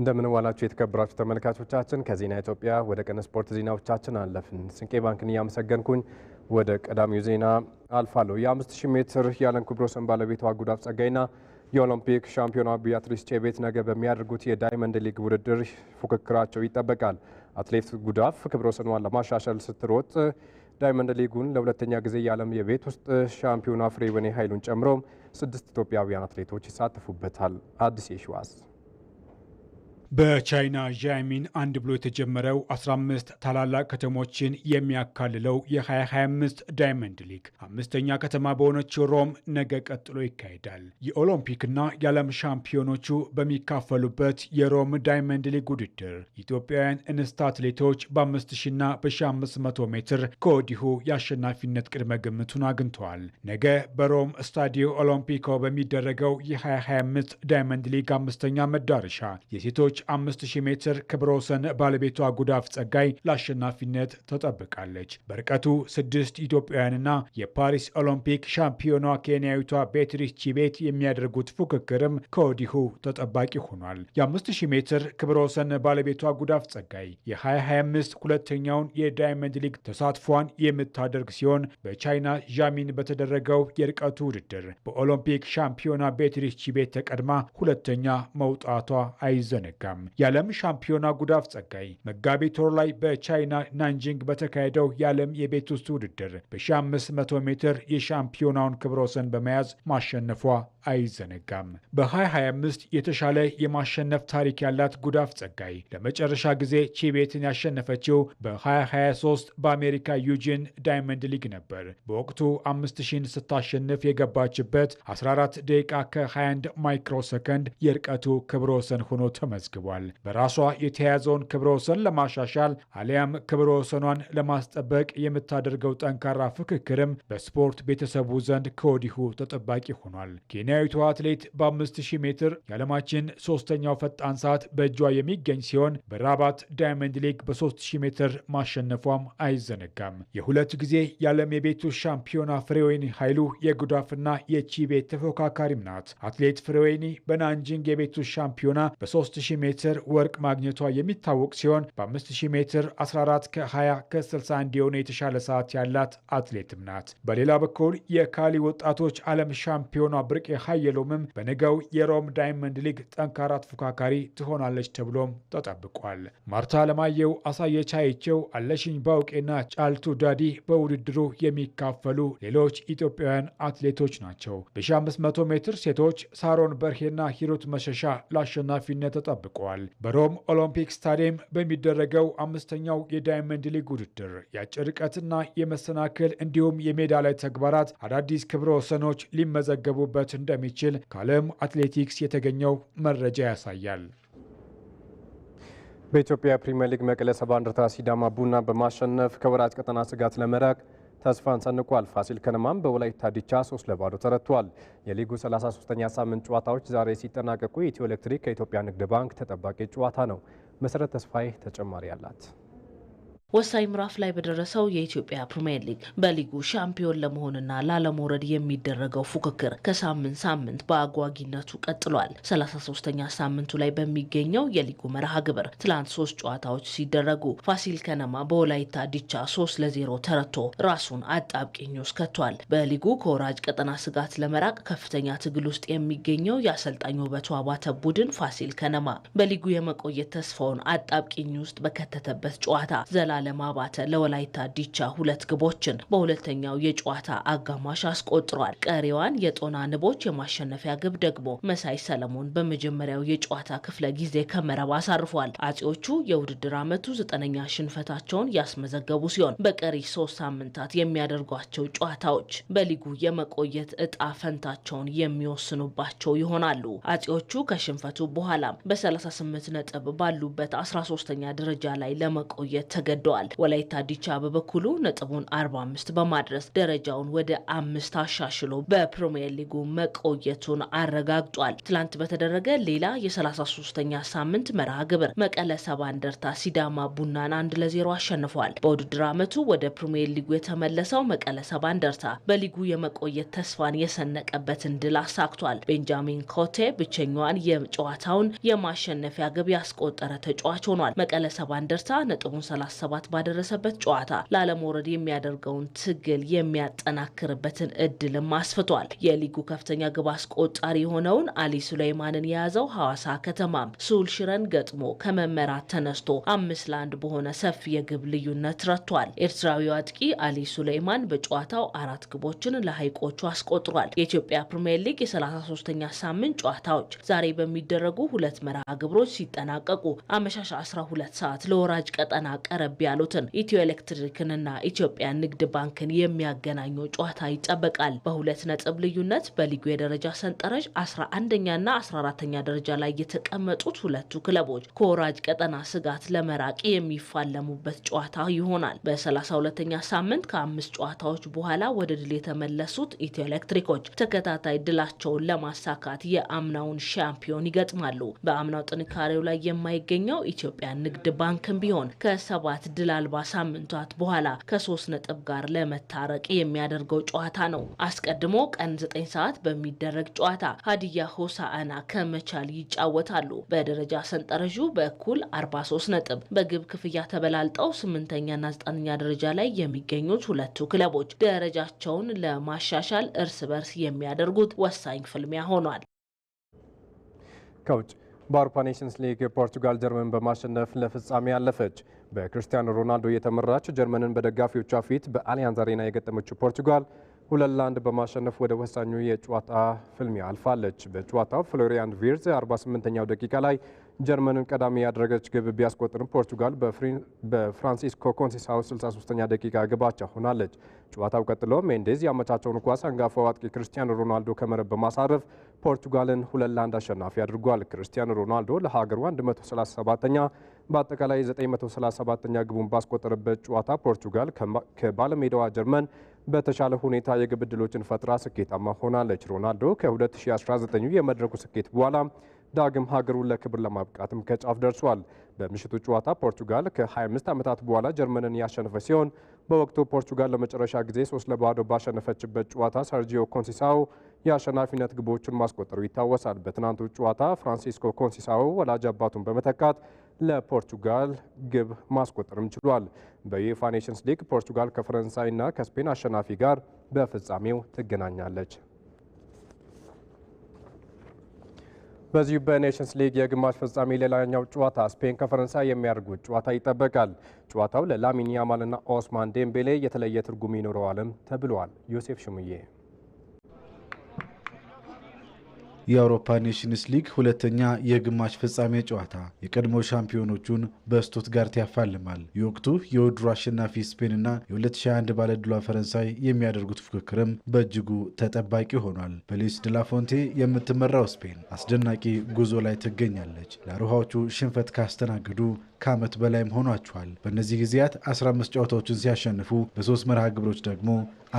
እንደምን ዋላችሁ የተከበራችሁ ተመልካቾቻችን። ከዜና ኢትዮጵያ ወደ ቀን ስፖርት ዜናዎቻችን አለፍን። ስንቄ ባንክን እያመሰገንኩኝ ወደ ቀዳሚው ዜና አልፋለሁ። የ5000 ሜትር የዓለም ክብረ ወሰን ባለቤቷ ጉዳፍ ጸጋይና የኦሎምፒክ ሻምፒዮኗ ቢያትሪስ ቼቤት ነገ በሚያደርጉት የዳይመንድ ሊግ ውድድር ፉክክራቸው ይጠበቃል። አትሌት ጉዳፍ ክብረ ወሰኗን ለማሻሻል ስትሮጥ ዳይመንድ ሊጉን ለሁለተኛ ጊዜ የዓለም የቤት ውስጥ ሻምፒዮኗ ፍሬወኔ ኃይሉን ጨምሮ ስድስት ኢትዮጵያውያን አትሌቶች ይሳተፉበታል። አዲስ የሸዋስ በቻይና ዣይሚን አንድ ብሎ የተጀመረው 15 ታላላቅ ከተሞችን የሚያካልለው የ2025 ዳይመንድ ሊግ አምስተኛ ከተማ በሆነችው ሮም ነገ ቀጥሎ ይካሄዳል። የኦሎምፒክና የዓለም ሻምፒዮኖቹ በሚካፈሉበት የሮም ዳይመንድ ሊግ ውድድር ኢትዮጵያውያን እንስት አትሌቶች በ5000ና በ1500 ሜትር ከወዲሁ የአሸናፊነት ቅድመ ግምቱን አግኝተዋል። ነገ በሮም ስታዲዮ ኦሎምፒኮ በሚደረገው የ2025 ዳይመንድ ሊግ አምስተኛ መዳረሻ የሴቶች 5000 ሜትር ክብረ ወሰን ባለቤቷ ጉዳፍ ጸጋይ ለአሸናፊነት ተጠብቃለች። በርቀቱ ስድስት ኢትዮጵያውያንና የፓሪስ ኦሎምፒክ ሻምፒዮኗ ኬንያዊቷ ቤትሪስ ቺቤት የሚያደርጉት ፉክክርም ከወዲሁ ተጠባቂ ሆኗል። የ5000 ሜትር ክብረ ወሰን ባለቤቷ ጉዳፍ ጸጋይ የ2025 ሁለተኛውን የዳይመንድ ሊግ ተሳትፏን የምታደርግ ሲሆን በቻይና ዣሚን በተደረገው የርቀቱ ውድድር በኦሎምፒክ ሻምፒዮና ቤትሪስ ቺቤት ተቀድማ ሁለተኛ መውጣቷ አይዘነጋል። አይዘነጋም። የዓለም ሻምፒዮና ጉዳፍ ጸጋይ መጋቢት ወር ላይ በቻይና ናንጂንግ በተካሄደው የዓለም የቤት ውስጥ ውድድር በ1500 ሜትር የሻምፒዮናውን ክብረ ወሰን በመያዝ ማሸነፏ አይዘነጋም። በ2025 የተሻለ የማሸነፍ ታሪክ ያላት ጉዳፍ ጸጋይ ለመጨረሻ ጊዜ ቺቤትን ያሸነፈችው በ2023 በአሜሪካ ዩጂን ዳይመንድ ሊግ ነበር። በወቅቱ 5000 ስታሸንፍ የገባችበት 14 ደቂቃ ከ21 ማይክሮ ሰከንድ የርቀቱ ክብረ ወሰን ሆኖ ተመዝግ ተመዝግቧል። በራሷ የተያዘውን ክብረ ወሰን ለማሻሻል አሊያም ክብረ ወሰኗን ለማስጠበቅ የምታደርገው ጠንካራ ፍክክርም በስፖርት ቤተሰቡ ዘንድ ከወዲሁ ተጠባቂ ሆኗል። ኬንያዊቷ አትሌት በ5000 ሜትር የዓለማችን ሶስተኛው ፈጣን ሰዓት በእጇ የሚገኝ ሲሆን በራባት ዳይመንድ ሊግ በ3000 ሜትር ማሸነፏም አይዘነጋም። የሁለት ጊዜ የዓለም የቤቱ ሻምፒዮና ፍሬወይኒ ኃይሉ የጉዳፍና የቺቤት ተፎካካሪም ናት። አትሌት ፍሬወይኒ በናንጂንግ የቤቱ ሻምፒዮና በ3000 ሜትር ወርቅ ማግኘቷ የሚታወቅ ሲሆን በ5000 ሜትር 14 ከ20 ከ61 የሆነ የተሻለ ሰዓት ያላት አትሌትም ናት። በሌላ በኩል የካሊ ወጣቶች ዓለም ሻምፒዮኗ ብርቄ ሀየሎምም በነገው የሮም ዳይመንድ ሊግ ጠንካራ ተፎካካሪ ትሆናለች ተብሎም ተጠብቋል። ማርታ አለማየሁ፣ አሳየች አይቸው፣ አለሽኝ ባውቄና ጫልቱ ዳዲ በውድድሩ የሚካፈሉ ሌሎች ኢትዮጵያውያን አትሌቶች ናቸው። በ1500 ሜትር ሴቶች ሳሮን በርሄና ሂሩት መሸሻ ለአሸናፊነት ተጠብቋል። አስታውቀዋል። በሮም ኦሎምፒክ ስታዲየም በሚደረገው አምስተኛው የዳይመንድ ሊግ ውድድር የአጭር ርቀትና የመሰናክል እንዲሁም የሜዳ ላይ ተግባራት አዳዲስ ክብረ ወሰኖች ሊመዘገቡበት እንደሚችል ከዓለም አትሌቲክስ የተገኘው መረጃ ያሳያል። በኢትዮጵያ ፕሪምየር ሊግ መቀለ ሰባ እንደርታ ሲዳማ ቡና በማሸነፍ ከወራጅ ቀጠና ስጋት ለመራቅ ተስፋን ሰንቋል። ፋሲል ከነማም በወላይታ ዲቻ ሶስት ለባዶ ተረቷል። የሊጉ 33ኛ ሳምንት ጨዋታዎች ዛሬ ሲጠናቀቁ ኢትዮ ኤሌክትሪክ ከኢትዮጵያ ንግድ ባንክ ተጠባቂ ጨዋታ ነው። መሰረት ተስፋዬ ተጨማሪ አላት። ወሳኝ ምዕራፍ ላይ በደረሰው የኢትዮጵያ ፕሪምየር ሊግ በሊጉ ሻምፒዮን ለመሆንና ላለመውረድ የሚደረገው ፉክክር ከሳምንት ሳምንት በአጓጊነቱ ቀጥሏል። 33 ተኛ ሳምንቱ ላይ በሚገኘው የሊጉ መርሃ ግብር ትላንት ሶስት ጨዋታዎች ሲደረጉ ፋሲል ከነማ በወላይታ ዲቻ ሶስት ለዜሮ ተረቶ ራሱን አጣብቂኝ ውስጥ ከቷል። በሊጉ ከወራጅ ቀጠና ስጋት ለመራቅ ከፍተኛ ትግል ውስጥ የሚገኘው የአሰልጣኝ ውበቱ አባተ ቡድን ፋሲል ከነማ በሊጉ የመቆየት ተስፋውን አጣብቂኝ ውስጥ በከተተበት ጨዋታ ዘላ ለማባተ ለወላይታ ዲቻ ሁለት ግቦችን በሁለተኛው የጨዋታ አጋማሽ አስቆጥሯል። ቀሪዋን የጦና ንቦች የማሸነፊያ ግብ ደግሞ መሳይ ሰለሞን በመጀመሪያው የጨዋታ ክፍለ ጊዜ ከመረብ አሳርፏል። አጼዎቹ የውድድር ዓመቱ ዘጠነኛ ሽንፈታቸውን ያስመዘገቡ ሲሆን በቀሪ ሶስት ሳምንታት የሚያደርጓቸው ጨዋታዎች በሊጉ የመቆየት እጣ ፈንታቸውን የሚወስኑባቸው ይሆናሉ። አጼዎቹ ከሽንፈቱ በኋላም በ38 ነጥብ ባሉበት 13ኛ ደረጃ ላይ ለመቆየት ተገድ ወርደዋል። ወላይታ ዲቻ በበኩሉ ነጥቡን 45 በማድረስ ደረጃውን ወደ አምስት አሻሽሎ በፕሪምየር ሊጉ መቆየቱን አረጋግጧል። ትላንት በተደረገ ሌላ የ33ኛ ሳምንት መርሃ ግብር መቀለ ሰባ እንደርታ ሲዳማ ቡናን አንድ ለዜሮ አሸንፏል። በውድድር ዓመቱ ወደ ፕሪምየር ሊጉ የተመለሰው መቀለ ሰባ እንደርታ በሊጉ የመቆየት ተስፋን የሰነቀበትን ድል አሳክቷል። ቤንጃሚን ኮቴ ብቸኛዋን የጨዋታውን የማሸነፊያ ግብ ያስቆጠረ ተጫዋች ሆኗል። መቀለ ሰባ እንደርታ ነጥቡን 37 ምናልባት ባደረሰበት ጨዋታ ላለመውረድ የሚያደርገውን ትግል የሚያጠናክርበትን እድልም አስፍቷል። የሊጉ ከፍተኛ ግብ አስቆጣሪ የሆነውን አሊ ሱላይማንን የያዘው ሐዋሳ ከተማም ሱል ሽረን ገጥሞ ከመመራት ተነስቶ አምስት ለአንድ በሆነ ሰፊ የግብ ልዩነት ረቷል። ኤርትራዊው አጥቂ አሊ ሱላይማን በጨዋታው አራት ግቦችን ለሀይቆቹ አስቆጥሯል። የኢትዮጵያ ፕሪምየር ሊግ የ33ኛ ሳምንት ጨዋታዎች ዛሬ በሚደረጉ ሁለት መርሃ ግብሮች ሲጠናቀቁ አመሻሽ 12 ሰዓት ለወራጅ ቀጠና ቀረብ ያሉትን ኢትዮ ኤሌክትሪክንና ኢትዮጵያ ንግድ ባንክን የሚያገናኙ ጨዋታ ይጠበቃል። በሁለት ነጥብ ልዩነት በሊጉ የደረጃ ሰንጠረዥ 11ኛና 14ኛ ደረጃ ላይ የተቀመጡት ሁለቱ ክለቦች ከወራጅ ቀጠና ስጋት ለመራቅ የሚፋለሙበት ጨዋታ ይሆናል። በ32ኛ ሳምንት ከአምስት ጨዋታዎች በኋላ ወደ ድል የተመለሱት ኢትዮ ኤሌክትሪኮች ተከታታይ ድላቸውን ለማሳካት የአምናውን ሻምፒዮን ይገጥማሉ። በአምናው ጥንካሬው ላይ የማይገኘው ኢትዮጵያ ንግድ ባንክን ቢሆን ከሰባት ድል አልባ ሳምንቷት በኋላ ከሶስት ነጥብ ጋር ለመታረቅ የሚያደርገው ጨዋታ ነው። አስቀድሞ ቀን ዘጠኝ ሰዓት በሚደረግ ጨዋታ ሀዲያ ሆሳዕና ከመቻል ይጫወታሉ። በደረጃ ሰንጠረዡ በኩል 43 ነጥብ በግብ ክፍያ ተበላልጠው ስምንተኛና ዘጠነኛ ደረጃ ላይ የሚገኙት ሁለቱ ክለቦች ደረጃቸውን ለማሻሻል እርስ በርስ የሚያደርጉት ወሳኝ ፍልሚያ ሆኗል። ከውጭ በአውሮፓ ኔሽንስ ሊግ ፖርቱጋል ጀርመን በማሸነፍ ለፍጻሜ አለፈች። በክርስቲያኖ ሮናልዶ እየተመራች ጀርመንን በደጋፊዎቿ ፊት በአሊያንዝ አሬና የገጠመችው ፖርቱጋል ሁለት ለአንድ በማሸነፍ ወደ ወሳኙ የጨዋታ ፍልሚያ አልፋለች። በጨዋታው ፍሎሪያን ቪርዝ 48ኛው ደቂቃ ላይ ጀርመንን ቀዳሚ ያደረገች ግብ ቢያስቆጥርም ፖርቱጋል በፍራንሲስኮ ኮንሴሳው 63ኛ ደቂቃ ግባቻ ሆናለች። ጨዋታው ቀጥሎ ሜንዴዝ ያመቻቸውን ኳስ አንጋፋው አጥቂ ክርስቲያኖ ሮናልዶ ከመረብ በማሳረፍ ፖርቱጋልን ሁለት ለአንድ አሸናፊ አድርጓል። ክርስቲያኖ ሮናልዶ ለሀገሩ 137ኛ በአጠቃላይ 937ኛ ግቡን ባስቆጠረበት ጨዋታ ፖርቱጋል ከባለሜዳዋ ጀርመን በተሻለ ሁኔታ የግብ ዕድሎችን ፈጥራ ስኬታማ ሆናለች። ሮናልዶ ከ2019 የመድረኩ ስኬት በኋላ ዳግም ሀገሩን ለክብር ለማብቃትም ከጫፍ ደርሷል። በምሽቱ ጨዋታ ፖርቱጋል ከ25 ዓመታት በኋላ ጀርመንን ያሸነፈ ሲሆን በወቅቱ ፖርቱጋል ለመጨረሻ ጊዜ ሶስት ለባዶ ባሸነፈችበት ጨዋታ ሰርጂዮ ኮንሲሳው የአሸናፊነት ግቦቹን ማስቆጠሩ ይታወሳል። በትናንቱ ጨዋታ ፍራንሲስኮ ኮንሲሳው ወላጅ አባቱን በመተካት ለፖርቱጋል ግብ ማስቆጠርም ችሏል። በዩኤፋ ኔሽንስ ሊግ ፖርቱጋል ከፈረንሳይና ከስፔን አሸናፊ ጋር በፍጻሜው ትገናኛለች። በዚሁ በኔሽንስ ሊግ የግማሽ ፍጻሜ ሌላኛው ጨዋታ ስፔን ከፈረንሳይ የሚያደርጉት ጨዋታ ይጠበቃል። ጨዋታው ለላሚን ያማልና ኦስማን ዴምቤሌ የተለየ ትርጉም ይኖረዋልም ተብሏል። ዮሴፍ ሽሙዬ የአውሮፓ ኔሽንስ ሊግ ሁለተኛ የግማሽ ፍጻሜ ጨዋታ የቀድሞ ሻምፒዮኖቹን በስቱትጋርት ያፋልማል። የወቅቱ የውድሩ አሸናፊ ስፔንና የ2021 ባለድሏ ፈረንሳይ የሚያደርጉት ፉክክርም በእጅጉ ተጠባቂ ሆኗል። በሊስ ድላፎንቴ የምትመራው ስፔን አስደናቂ ጉዞ ላይ ትገኛለች። ለአሮሃዎቹ ሽንፈት ካስተናገዱ ከዓመት በላይም ሆኗቸዋል። በእነዚህ ጊዜያት 15 ጨዋታዎችን ሲያሸንፉ በሶስት መርሃ ግብሮች ደግሞ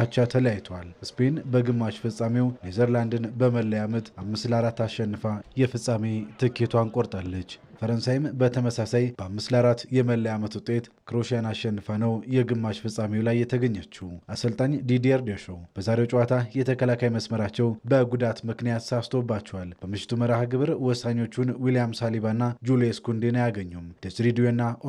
አቻ ተለያይተዋል። ስፔን በግማሽ ፍጻሜው ኔዘርላንድን በመለያ ምት አምስት ለአራት አሸንፋ የፍጻሜ ትኬቷን ቆርጣለች። ፈረንሳይም በተመሳሳይ በአምስት ለአራት የመለያ ዓመት ውጤት ክሮሽያን አሸንፋ ነው የግማሽ ፍጻሜው ላይ የተገኘችው። አሰልጣኝ ዲዲየር ዴሾ በዛሬው ጨዋታ የተከላካይ መስመራቸው በጉዳት ምክንያት ሳስቶባቸዋል። በምሽቱ መርሃ ግብር ወሳኞቹን ዊሊያም ሳሊባና ጁልየስ ኩንዴን አያገኙም። ደስሪ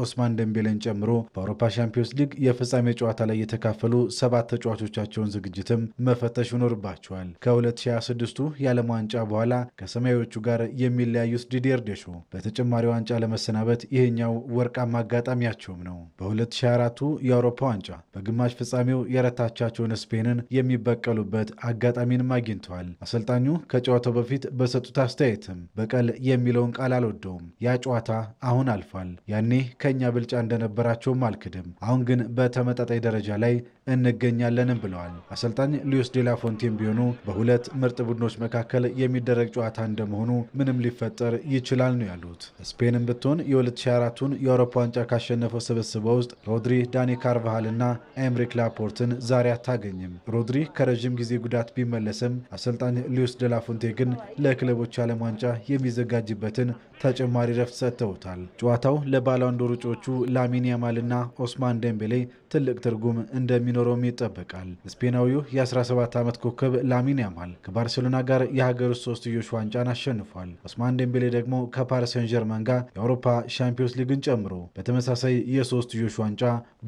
ኦስማን ደምቤሌን ጨምሮ በአውሮፓ ሻምፒዮንስ ሊግ የፍጻሜ ጨዋታ ላይ የተካፈሉ ሰባት ተጫዋቾቻቸውን ዝግጅትም መፈተሽ ይኖርባቸዋል። ከ2026ቱ የዓለም ዋንጫ በኋላ ከሰማያዎቹ ጋር የሚለያዩት ዲዲየር ዴሾ በተጨማ ተጨማሪ ዋንጫ ለመሰናበት ይሄኛው ወርቃማ አጋጣሚያቸውም ነው። በ2024ቱ የአውሮፓ ዋንጫ በግማሽ ፍጻሜው የረታቻቸውን ስፔንን የሚበቀሉበት አጋጣሚንም አግኝተዋል። አሰልጣኙ ከጨዋታው በፊት በሰጡት አስተያየትም በቀል የሚለውን ቃል አልወደውም። ያ ጨዋታ አሁን አልፏል። ያኔ ከእኛ ብልጫ እንደነበራቸውም አልክድም። አሁን ግን በተመጣጣኝ ደረጃ ላይ እንገኛለንም ብለዋል። አሰልጣኝ ሉዊስ ዴላፎንቴም ቢሆኑ በሁለት ምርጥ ቡድኖች መካከል የሚደረግ ጨዋታ እንደመሆኑ ምንም ሊፈጠር ይችላል ነው ያሉት። ስፔንም ብትሆን የ2024ቱን የአውሮፓ ዋንጫ ካሸነፈው ስብስበ ውስጥ ሮድሪ፣ ዳኒ ካርቫሃልና ኤምሪክ ላፖርትን ዛሬ አታገኝም። ሮድሪ ከረዥም ጊዜ ጉዳት ቢመለስም አሰልጣኝ ሊዩስ ደላፉንቴ ግን ለክለቦች ዓለም ዋንጫ የሚዘጋጅበትን ተጨማሪ ረፍት ሰጥተውታል። ጨዋታው ለባላንዶር እጩዎቹ ላሚን ያማልና ኦስማን ደምቤሌ ትልቅ ትርጉም እንደሚኖረውም ይጠበቃል። ስፔናዊው የ17 ዓመት ኮከብ ላሚን ያማል ከባርሴሎና ጋር የሀገር ውስጥ ሶስትዮሽ ዋንጫን አሸንፏል። ኦስማን ዴምቤሌ ደግሞ ከፓሪሰን ጀርማን ጀርመን ጋር የአውሮፓ ሻምፒዮንስ ሊግን ጨምሮ በተመሳሳይ የሶስትዮሽ ዋንጫ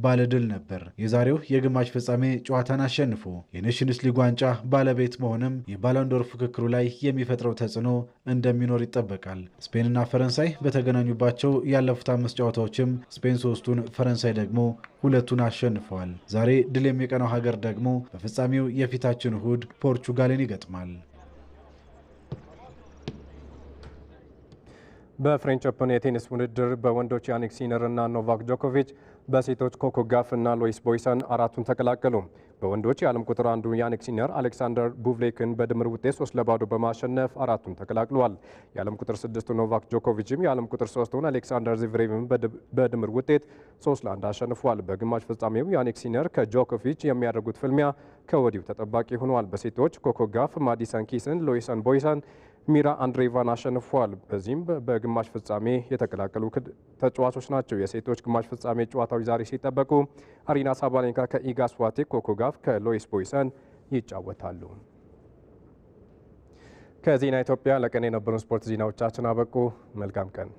ባለድል ነበር። የዛሬው የግማሽ ፍጻሜ ጨዋታን አሸንፎ የኔሽንስ ሊግ ዋንጫ ባለቤት መሆንም የባሎንዶር ፍክክሩ ላይ የሚፈጥረው ተጽዕኖ እንደሚኖር ይጠበቃል። ስፔንና ፈረንሳይ በተገናኙባቸው ያለፉት አምስት ጨዋታዎችም ስፔን ሶስቱን ፈረንሳይ ደግሞ ሁለቱን አሸንፈዋል። ዛሬ ድል የሚቀናው ሀገር ደግሞ በፍጻሜው የፊታችን እሁድ ፖርቹጋልን ይገጥማል። በፍሬንች ኦፕን የቴኒስ ውድድር በወንዶች ያኒክ ሲነር እና ኖቫክ ጆኮቪች፣ በሴቶች ኮኮ ጋፍ እና ሎይስ ቦይሰን አራቱን ተቀላቀሉ። በወንዶች የዓለም ቁጥር አንዱ ያኒክ ሲኒየር አሌክሳንደር ቡቭሌክን በድምር ውጤት ሶስት ለባዶ በማሸነፍ አራቱን ተቀላቅሏል። የዓለም ቁጥር ስድስቱ ኖቫክ ጆኮቪችም የዓለም ቁጥር ሶስቱን አሌክሳንደር ዚቭሬቭን በድምር ውጤት ሶስት ለአንድ አሸንፏል። በግማሽ ፍጻሜው ያኒክ ከጆኮቪች የሚያደርጉት ፍልሚያ ከወዲሁ ተጠባቂ ሆኗል። በሴቶች ኮኮ ጋፍ ማዲሰን ኪስን፣ ሎይሰን ቦይሰን ሚራ አንድሬቫን አሸንፏል። በዚህም በግማሽ ፍጻሜ የተቀላቀሉ ተጫዋቾች ናቸው። የሴቶች ግማሽ ፍጻሜ ጨዋታዎች ዛሬ ሲጠበቁ አሪና ሳባሌንካ ከኢጋስዋቴ ኮኮጋ ምዕራፍ ከሎይስ ቦይሰን ይጫወታሉ። ከዜና ኢትዮጵያ ለቀን የነበሩን ስፖርት ዜናዎቻችን አበቁ። መልካም ቀን።